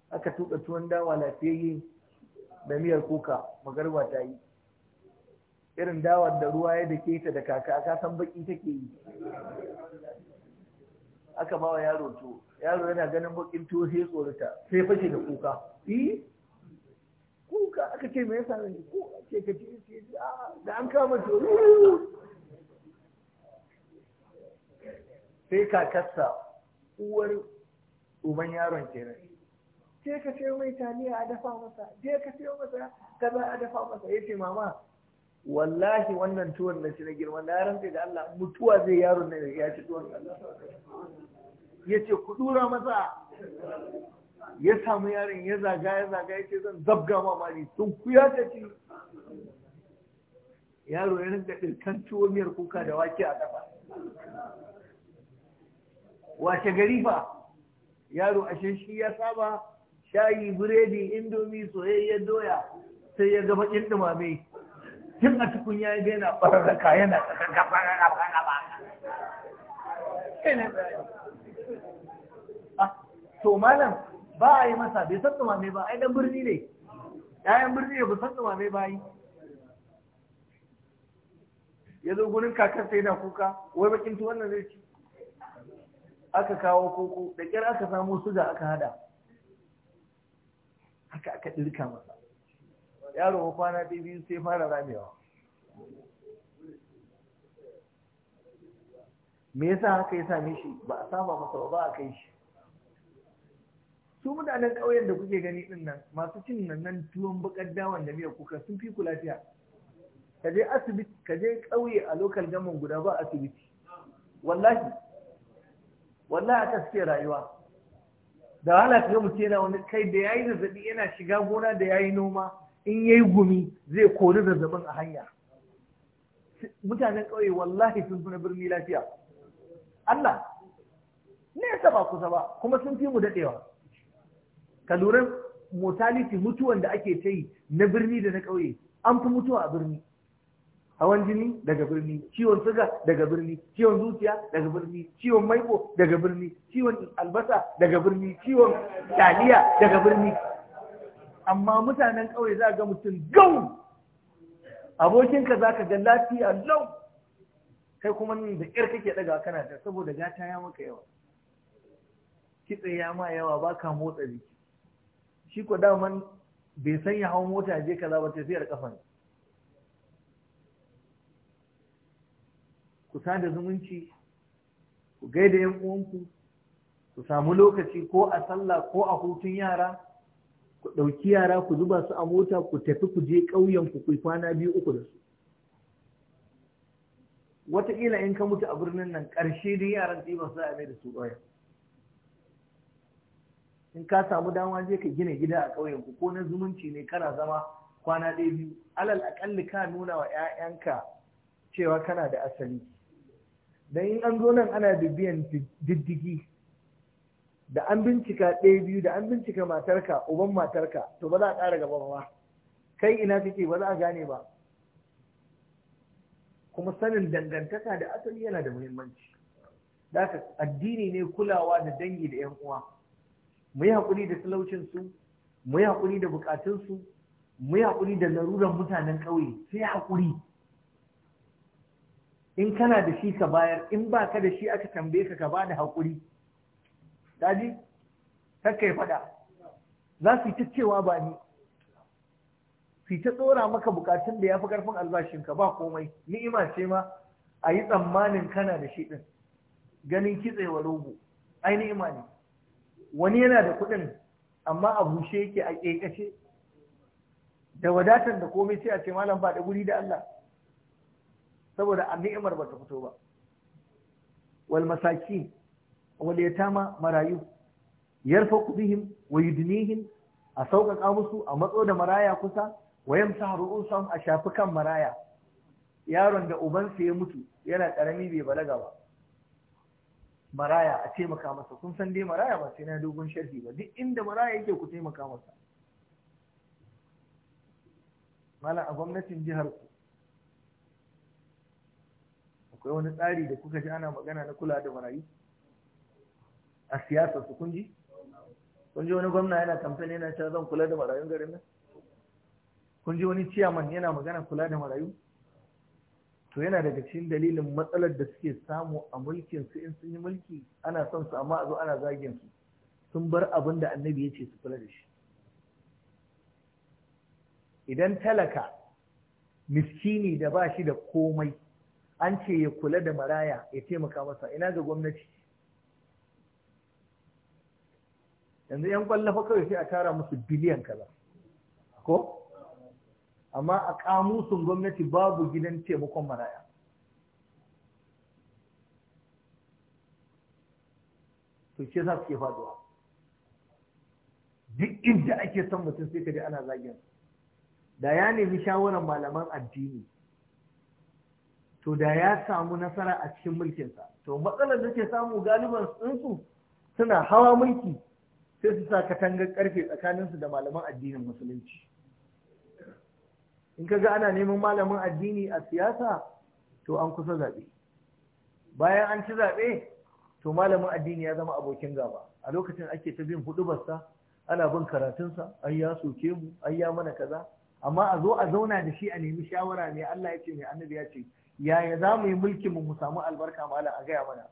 aka tuka tuwon dawa lafiyayye da miyar kuka magarba ta yi irin dawar da ruwa ya dake ta da kaka a san baki take yi aka ba wa yaro to yaro yana ganin bakin to sai tsorata sai fashe da kuka yi kuka aka ce mai yasa ne ko ce ka ce ce ah, da an kama to sai kakarsa uwar uban yaron kenan je ka sayo mai taliya a dafa masa je ka sayo masa za a dafa masa ce mama wallahi wannan tuwon na shi na girma na rantsa da Allah mutuwa zai yaron ne ya ci tuwon Ya ce ku dura masa ya samu yaron ya zaga ya zaga ya ce zan zabga ma mali tun ku ya ci yaro ya rinka dirkan tuwo miyar kuka da wake a kafa wace gari fa yaro ashe shi ya saba shayi biredi indomi soyayyen doya sai ya ga bakin dumame tun a cikin ya ga yana bararraka yana ah, to malam ba a yi masa bai san dumame ba ai dan birni ne yayan birni ne ba san dumame ba yi ya zo gurin kakar sai yana kuka wai bakin tuwon nan zai ci aka kawo koko da kyar aka samu suga aka hada haka aka ɗirka masa yaro kwana ɗaya biyu sai fara ramewa me yasa haka ya same shi ba a saba masa ba a kai shi su mutanen ƙauyen da kuke gani din nan masu cin nan nan tuwon bakar dawan da miya kuka sun fi lafiya ka je asibiti ka je ƙauye a lokal gaman guda ba asibiti wallahi wallahi aka suke rayuwa da wahala ka mutum yana wani kai da yayi zazzabi yana shiga gona da yayi noma in yayi gumi zai kori zazzabin a hanya mutanen ƙauye wallahi sun fi na birni lafiya Allah ya ba kusa ba kuma sun fi mu daɗewa ka lura mortality mutuwan da ake ta yi na birni da na ƙauye an fi mutuwa a birni hawan jini daga birni ciwon suga daga birni ciwon zuciya daga birni ciwon maiko daga birni ciwon albasa daga birni ciwon taliya daga birni amma mutanen kawai za ga mutum gau abokinka za ka ga lafiya lau kai kuma ni da ƙyar kake ɗaga kana da saboda gata ya maka yawa kitse ya ma yawa ba ka motsa jiki shi ko daman bai sanya hawan mota je kaza ba sai da kafa ne ku sada zumunci ku gaida yan uwanku ku samu lokaci ko a sallah ko a hutun yara ku ɗauki yara ku zuba su a mota ku tafi ku je ƙauyen ku kai kwana biyu uku da su wataƙila in ka mutu a birnin nan ƙarshe da yaran ba su a mai da su ƙauyen in ka samu dama je ka gina gida a ƙauyen ku ko na zumunci ne kana zama kwana ɗaya biyu alal aƙalli ka nuna wa 'ya'yanka cewa kana da asali dan in an zo nan ana bibiyan diddigi da an bincika ɗaya biyu da an bincika matarka uban matarka to ba za a ƙara gaba ba kai ina kake ba za a gane ba kuma sanin dangantaka da asali yana da muhimmanci Daka addini ne kulawa da dangi da 'yan uwa mu yi haƙuri da talaucinsu mu yi haƙuri da buƙatunsu mu yi haƙuri da laruran mutanen ƙauye sai haƙuri in kana da shi ka bayar in ba ka da shi aka tambaye ka ka ba da haƙuri daji takai faɗa za su yi cewa ba ni su ta tsora maka bukatun da ya fi ƙarfin albashinka ba komai ni'ima ce ma a yi tsammanin kana da shi ɗin ganin kitsewa rogo ai ni'ima ne wani yana da kuɗin amma a bushe yake a ƙeƙashe da wadatar da komai sai a ce malam ba da guri da Allah saboda a ni'imar ba ta fito ba wal masaki wal yatama marayu yarfa bihim wa yudnihim a sauƙaƙa musu a matso da maraya kusa wa yamsa ru'usahum a shafi kan maraya yaron da ubansu ya mutu yana ƙarami bai balaga ba maraya a taimaka masa kun san dai maraya ba sai na dogon sharhi ba duk inda maraya yake ku taimaka masa mala a gwamnatin jihar ku akwai wani tsari da kuka ji ana magana na kula da marayu a siyasa su kun ji kun ji wani gwamna yana kamfani yana cewa zan kula da marayun garin nan kun ji wani ciyaman yana magana kula da marayu to yana daga cikin dalilin matsalar da suke samu a mulkin su in sun yi mulki ana son su amma a zo ana zagin su sun bar abin da annabi ya ce su kula da shi idan talaka miskini da ba shi da komai an ce ya kula da maraya ya taimaka masa ina ga gwamnati yanzu yan kwallafa kawai sai a tara musu biliyan kaza ko amma a kamusun gwamnati babu gidan taimakon maraya to ce za su ke faduwa duk inda ake son mutum sai ka ji ana zagin da ya nemi shawarar malaman addini to da ya samu nasara a cikin mulkinsa to matsalar da ke samu galiban tsinsu suna hawa mulki sai su sa katangar karfe tsakaninsu da malaman addinin musulunci in ka ga ana neman malamin addini a siyasa to an kusa zaɓe bayan an ci zaɓe to malamin addini ya zama abokin gaba a lokacin ake ta bin basta ana bin karatunsa an ya soke mu an ya mana kaza amma a zo a zauna da shi a nemi shawara ne Allah ya ce mai annabi ya ce yaya za mu yi mulkinmu mu mu samu albarka mala a gaya mana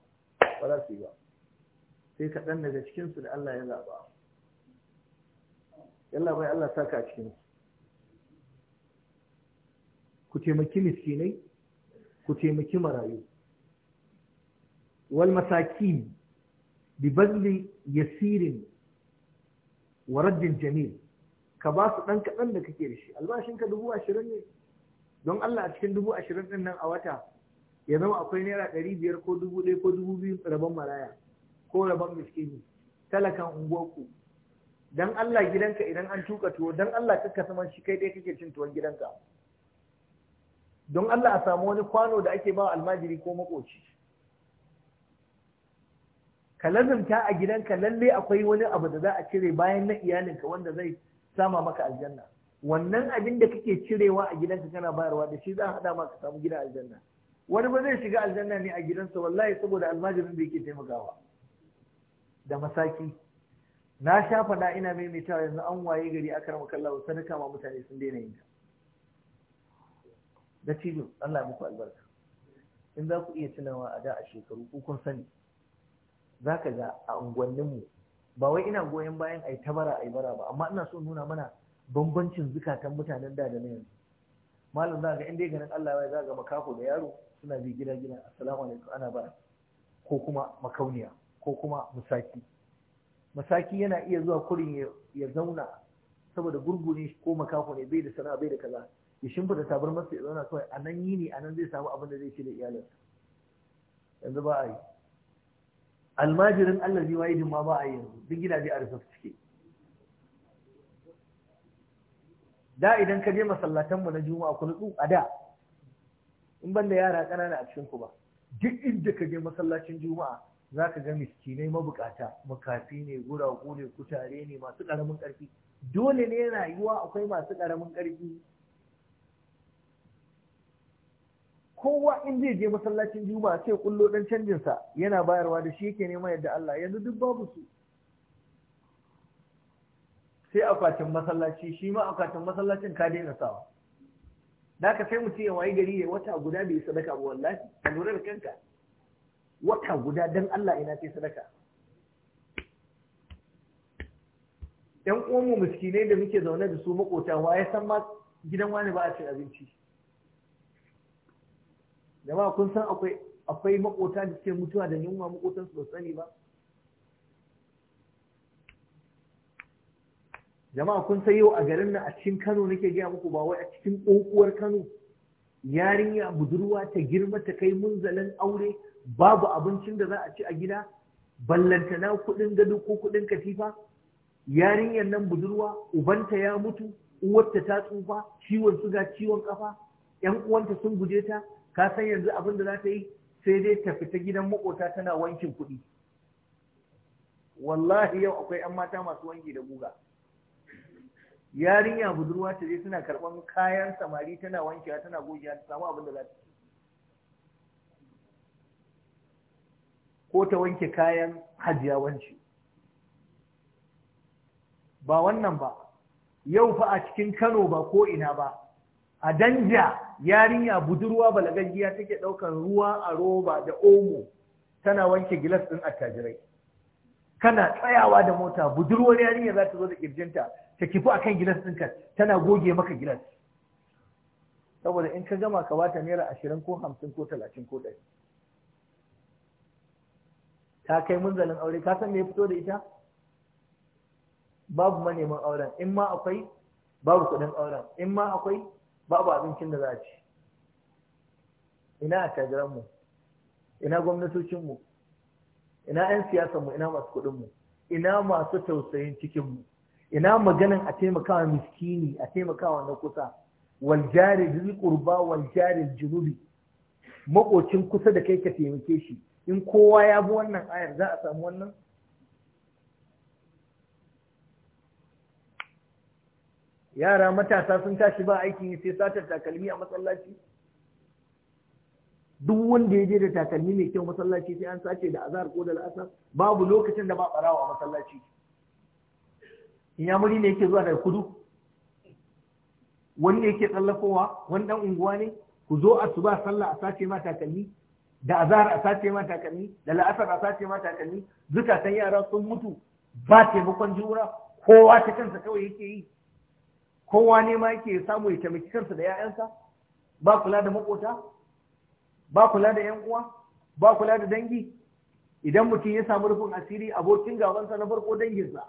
ba za su yi ba sai kaɗan daga cikinsu da Allah ya zaɓa yalla bai Allah saka a cikinsu ku taimaki miskinai ku taimaki marayu wal masakin bi bazli yasirin wa raddin jamil ka ba su ɗan kaɗan da kake da shi albashinka dubu ashirin ne don Allah a cikin dubu ashirin ɗin nan a wata ya zama akwai naira ɗari biyar ko dubu ɗaya ko dubu biyu rabon maraya ko rabon miskini talakan unguwarku don Allah gidanka idan an tuka tuwo don Allah kasa man shi kai ɗaya kake cin tuwon gidanka don Allah a samu wani kwano da ake ba almajiri ko makoci ka lazumta a gidanka lalle akwai wani abu da za a cire bayan na iyalinka wanda zai sama maka aljanna wannan abin da kake cirewa a gidanka kana bayarwa da shi za a haɗa maka samu gida aljanna wani ba zai shiga aljanna ne a gidansa wallahi saboda almajirin da yake taimakawa da masaki na sha faɗa ina maimaitawa yanzu an waye gari aka karama kallawa sadaka ma mutane sun daina yin ta da cizo Allah muku albarka in za ku iya tunawa a da a shekaru ko kun sani za ka ga a unguwanninmu ba wai ina goyon bayan a yi tabara a yi bara ba amma ina so nuna mana bambancin zukatan mutanen da da na yanzu malam za ga inda ganin Allah ya za ga da yaro suna bi gida gida assalamu alaikum ana ba ko kuma makauniya ko kuma musaki musaki yana iya zuwa kurin ya zauna saboda gurgune ko makako ne bai da sana'a bai da kaza ya shimfida tabarmar ya zauna kawai a nan yi ne a nan zai samu abin da zai ci da iyalinsa yanzu ba a yi almajirin Allah zai yi ma ba a yi yanzu duk gidaje a rufe suke da idan ka je masallatanmu na juma'a ku nutsu a da in ban da yara ƙanana a cikin ku ba duk inda ka je masallacin juma'a za ka ga miskinai mabukata makafi ne guragu ne kutare ne masu ƙaramin ƙarfi dole ne yana yiwa akwai masu ƙaramin ƙarfi kowa in zai je masallacin juma'a sai kullo dan canjinsa yana bayarwa da shi yake neman yadda Allah yanzu duk babu su sai akwatin masallaci shi ma akwatin masallacin ka daina sawa ka sai mutum ya wayi gari ya wata guda bai sadaka ba wallahi ka lura da kanka wata guda dan Allah ina sai sadaka yan uwanmu miskinai da muke zaune da su makota wa ya san ma gidan wani ba a cin abinci jama'a kun san akwai akwai makota da suke mutuwa da yunwa makotan su ba sani ba jama'a kun san yau a garin nan a cikin Kano nake gaya muku ba wai a cikin kokuwar Kano yarinya budurwa ta girma ta kai munzalin aure babu abincin da za a ci a gida ballantana kuɗin gado ko kuɗin katifa yarinyar nan budurwa ubanta ya mutu uwarta ta tsufa ciwon suga ciwon kafa yan uwanta sun guje ta ka san yanzu abin da za ta yi sai dai ta fita gidan makota tana wankin kuɗi wallahi yau akwai 'yan mata masu wanki da guga yarinya budurwa ta je suna karɓan kayan samari tana wankewa tana gogewa ta samu abin da za ta ci ko ta wanke kayan hajiya wance ba wannan ba yau fa a cikin Kano ba ko ina ba a danja yarinya budurwa balagajiya take ɗaukar ruwa a roba da omo tana wanke gilas ɗin attajirai kana tsayawa da mota budurwar yarinya za ta zo da kirjinta ta kifu a kan gilas ɗinka tana goge maka gilas saboda in ka gama ka bata naira ashirin ko hamsin ko talatin ko ɗari ta kai munzalin aure ka san me ya fito da ita babu maneman auren in ma akwai babu kuɗin auren in ma akwai babu abincin da za a ci ina a mu ina gwamnatocinmu ina 'yan siyasanmu ina masu kuɗinmu ina masu tausayin cikinmu ina maganin a taimakawa miskini a taimakawa na kusa wal jari dil qurba wal junubi makocin kusa da kai ka taimake shi in kowa ya bi wannan ayar za a samu wannan yara matasa sun tashi ba aikin yi sai satar takalmi a masallaci duk wanda ya je da takalmi mai kyau masallaci sai an sace da azhar ko da la'asar babu lokacin da ba barawa a masallaci muri ne yake zuwa daga kudu wani ne yake tsallakowa wani dan unguwa ne ku zo a ba sallah a sace ma takalmi da azhar a sace ma takalmi da la'asar a sace ma takalmi san yara sun mutu ba taimakon jura kowa ta kansa kawai yake yi kowa ne ma yake samu ya taimaki kansa da 'ya'yansa ba kula da makota ba kula da 'yan uwa ba kula da dangi idan mutum ya samu rufin asiri abokin gabansa na farko danginsa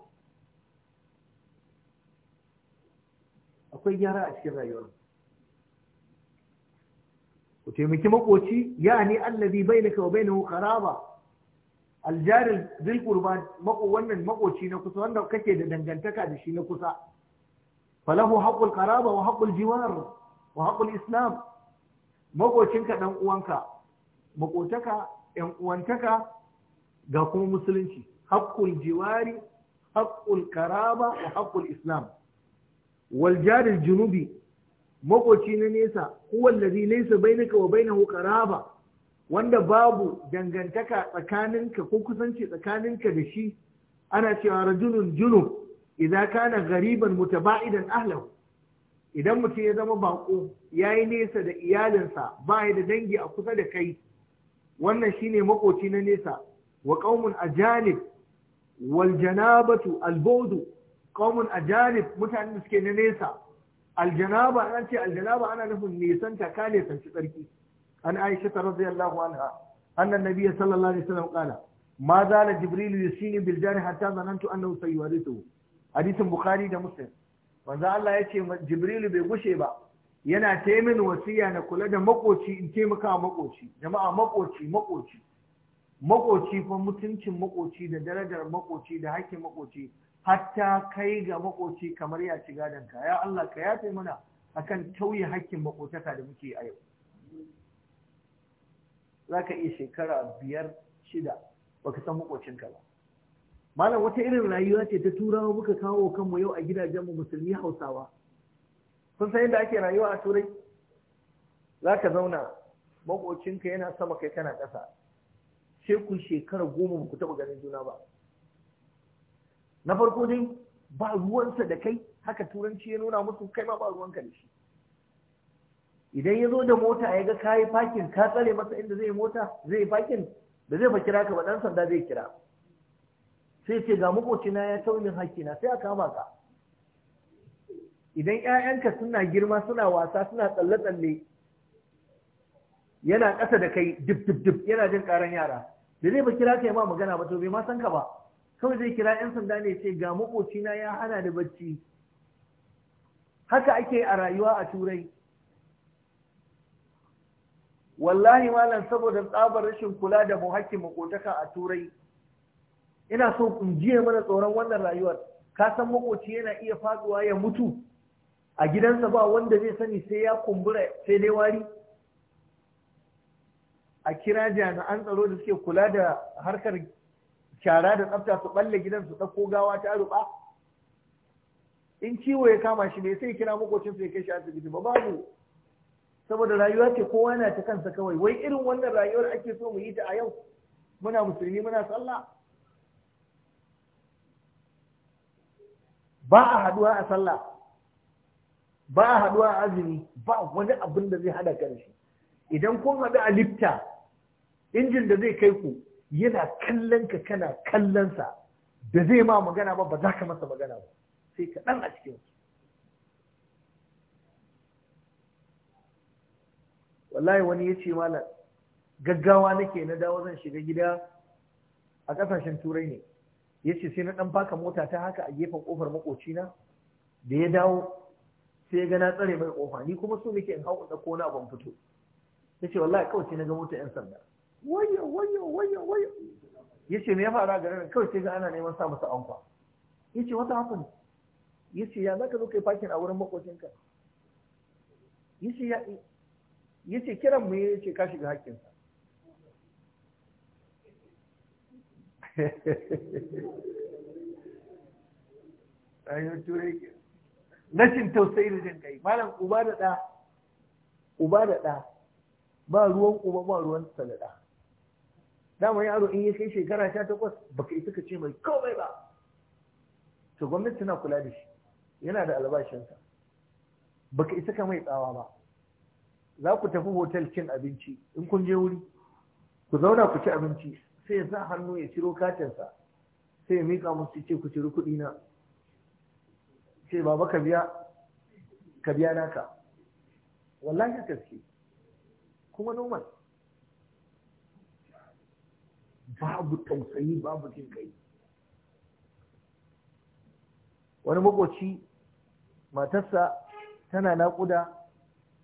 akwai gyara a cikin rayuwar ku taimaki makoci yani allazi bainaka wa bainahu qaraba aljaril dil qurban mako wannan makoci na kusa wanda kake da dangantaka da shi na kusa falahu haƙul qaraba wa haƙul jiwar wa haƙul islam makocinka ɗan uwanka makotaka yan uwantaka ga kuma musulunci haƙul jiwari haƙul qaraba wa haƙul islam wal jaril junubi makoci na nesa huwa allazi laysa bainaka wa bainahu qaraba wanda babu dangantaka tsakaninka ko kusanci tsakaninka da shi ana cewa rajulun junub idza kana ghariban mutaba'idan ahlahu idan mutum ya zama bako yayi nesa da iyalinsa ba ya da dangi a kusa da kai wannan shine makoci na nesa wa qaumun ajalib wal janabatu al qaumun ajanib mutanen da suke na nesa aljanaba an ce aljanaba ana nufin nisan ta kane sanci tsarki an aisha ta radiyallahu anha annan nabiyyi sallallahu alaihi wasallam kana ma zala jibril yusini bil jari hatta zanantu annahu sayuwaritu hadisin bukhari da muslim wanda Allah yace jibril bai gushe ba yana min wasiya na kula da makoci in taimaka makoci jama'a makoci makoci makoci fa mutuncin makoci da darajar makoci da hakkin makoci hatta kai ga makoci kamar ya ci gadon ka ya Allah ka yafe mana akan tauye hakkin makotaka da muke a yau za ka iya shekara biyar shida baka san makocinka ba malam wata irin rayuwa ce ta turawa muka kawo kanmu yau a gidajen mu musulmi hausawa kun san yadda ake rayuwa a turai za ka zauna makocinka yana sama kai kana ƙasa sai shekara goma ba ku taɓa ganin juna ba na farko dai ba ruwansa da kai haka turanci ya nuna musu kai ma ba ruwanka da shi idan ya zo da mota ya ga kayi fakin ka tsare masa inda zai mota zai fakin da zai kira ka ba dan sanda zai kira sai ce ga makocina ya haƙƙi hakkina sai a kama ka idan ƴaƴanka suna girma suna wasa suna tsalle tsalle yana ƙasa da kai dib dib dib yana jin ƙaran yara da zai ba kira ka ya ma magana ba to bai ma san ka ba kawai zai kira 'yan sanda ne ce ga maƙocina ya hana da bacci haka ake a rayuwa a turai wallahi malam saboda tsabar rashin kula da muhakkin makotaka a turai ina so in jiya mana tsoron wannan rayuwar ka san makoci yana iya faduwa ya mutu a gidansa ba wanda zai sani sai ya kumbura sai dai wari a kira jami'an tsaro da suke kula da harkar shara da tsafta su balle gidan su ɗauko gawa ta ruɓa in ciwo ya kama shi ne sai kira makocin ya kai shi asibiti ba babu saboda rayuwa ce kowa yana ta kansa kawai wai irin wannan rayuwar ake so mu yi ta a yau muna musulmi muna sallah ba a haduwa a sallah ba a haduwa a azumi ba wani abin da zai hada karshe idan kun haɗu a lifta injin da zai kai ku yana kallon ka kana kallon sa da zai ma magana ba ba za ka masa magana ba sai ka dan a cikin su wallahi wani ya ce malam gaggawa nake na dawo zan shiga gida a kasashen turai ne ya ce sai na dan baka mota ta haka a gefen kofar makocina da ya dawo sai ya gana tsare mai kofa ni kuma so nake in hau da kona ban fito ya ce wallahi kawai na ga mota yan sanda wayo wayo wayo wayo yace me ya fara garin kawai sai ga ana neman sa masa anfa yace wata happened yace ya zaka zo kai fakin a wurin makocinka yace ya yace kiran mu yace ka shiga hakkin sa ayo turai rashin tausayi da jin kai malam uba da da uba da da ba ruwan uba ba ruwan salada dama yaro in ya kai shekara ta takwas baka isa ka ce mai komai ba to gwamnati tana kula da shi yana da albashinsa baka isa ka mai tsawa ba za ku tafi hotel cin abinci in kun je wuri ku zauna ku ci abinci sai ya sa hannu ya ciro katinsa sai ya mika musu ce ku ciro kuɗi na ce baba ka biya ka biya naka wallahi haka suke kuma normal babu tausayi babu jin kai wani makoci matarsa tana naƙuda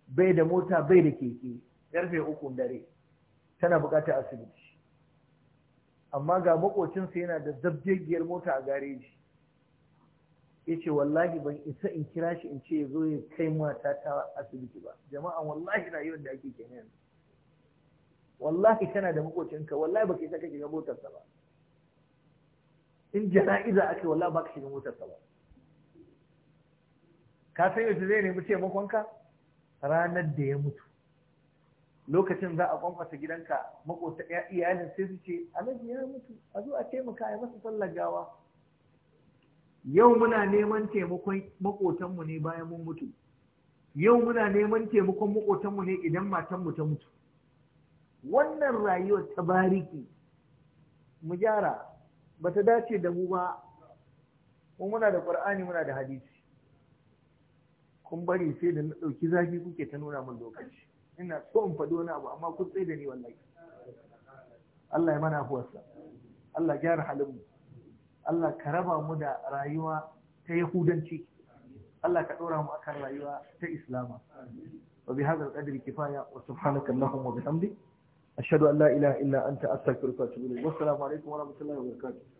bai da mota bai da keke ƙarfe uku dare tana buƙatar asibiti amma ga makocinsa yana da zabjegiyar mota a gareji ya ce wallahi ban isa in kira shi in ce ya zo ya kai mata ta asibiti ba jama'a wallahi rayuwar da ake kenan yanzu wallahi kana da makocinka wallahi baka isa ka motar motarsa ba in jana'iza ake wallahi baka shiga motarsa ba ka san yaushe zai nemi taimakonka ranar da ya mutu lokacin za a kwamfata gidanka makota iyalin sai su ce alhaji ya mutu a zo a taimaka a masa sallar gawa yau muna neman taimakon makotanmu ne bayan mun mutu yau muna neman taimakon makotanmu ne idan matanmu ta mutu wannan rayuwar ta bariki mu gyara ba ta dace da mu ba mu muna da ƙur'ani muna da hadisi kun bari sai da na ɗauki zafi kuke ta nuna min lokaci ina so in faɗo na abu amma kun tsaye da ni wallahi Allah ya mana afuwarsa Allah gyara halin mu Allah ka raba mu da rayuwa ta yahudanci Allah ka ɗora mu akan rayuwa ta islama wa bi hadha al-qadri kifaya wa subhanaka allahumma wa bihamdika ashhadu an la ilaha illa anta astaghfiruka wa atubu ilayk wassalamu alaikum wa rahmatullahi wa barakatuh